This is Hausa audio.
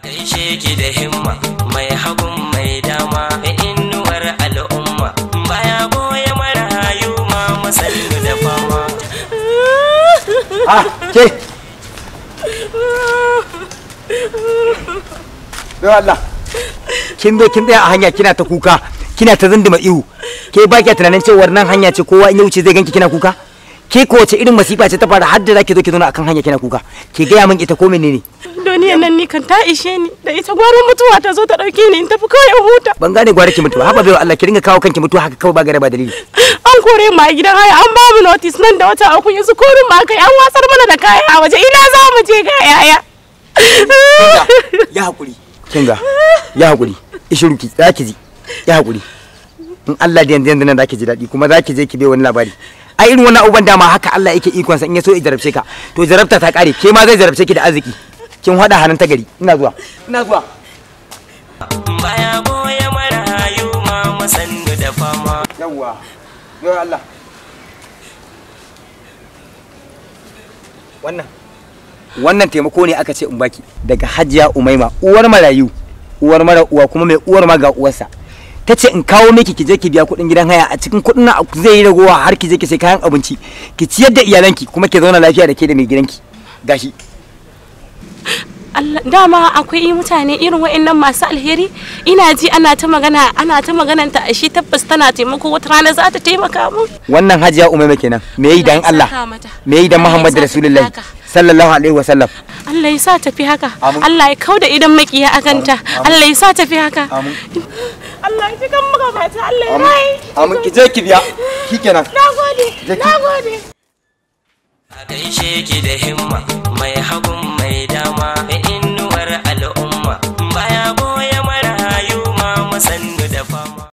Gaishe ki da himma mai hagun mai dama e inuwar al'umma baya goye mara hayu ma masallu da fama. Ah, ke! Allah, kin zo kin tsaya a hanya kina ta kuka, kina ta zindima ihu, ke ba ki tunanin cewar nan hanya ce kowa in ya wuce zai ganki kina kuka? Ke kowace irin masifa ce ta fara har da zaki zo ki zauna akan hanya kina kuka, ke gaya min ita ko menene ne? yarinyar nan ni kan ta ishe ni da ita gwarin mutuwa ta zo ta dauke ni in tafi kawai in huta ban gane gwarin ki mutuwa haba bai Allah ki ringa kawo kanki mutuwa haka kawai ba gare ba dalili an kore mu a gidan haya an ba mu notice nan da wata uku yanzu korin mu aka yi an wasar mana da kaya a waje ina za mu je ga yaya ya hakuri kinga ya hakuri ishirin ki za ki ji ya hakuri in Allah da yanzu nan za ki ji daɗi kuma za ki je ki bai wani labari a irin wannan uban dama haka Allah yake ikonsa in ya so ya jarabce ka to jarabta ta kare ke ma zai jarabce ki da arziki kin hada hannun ta gari ina zuwa ina zuwa baya boye mara hayu ma masandu da fama yawa Allah wannan wannan taimako ne aka ce in baki daga hajiya umaima uwar marayu uwar mara uwa kuma mai uwar ma ga uwarsa ta ce in kawo miki ki je ki biya kuɗin gidan haya a cikin kuɗin na zai yi ragowa har ki je ki sai kayan abinci ki ciyar da iyalanki kuma ki zauna lafiya da ke da mai gidanki gashi dama akwai mutane irin wa'annan masu alheri ina ji ana ta magana ana ta maganan ta ashe tabbas tana taimako wata rana za ta taimaka mu wannan hajiya umma kenan me yi dan Allah me yi dan Muhammad Rasulullahi sallallahu alaihi wa sallam Allah ya sa tafi haka Allah ya kauda idan makiya akanta Allah ya sa tafi haka Allah ya cikan muka bata Allah ya rai amin ki je ki biya kikenan nagode nagode a gaishe ki da himma mai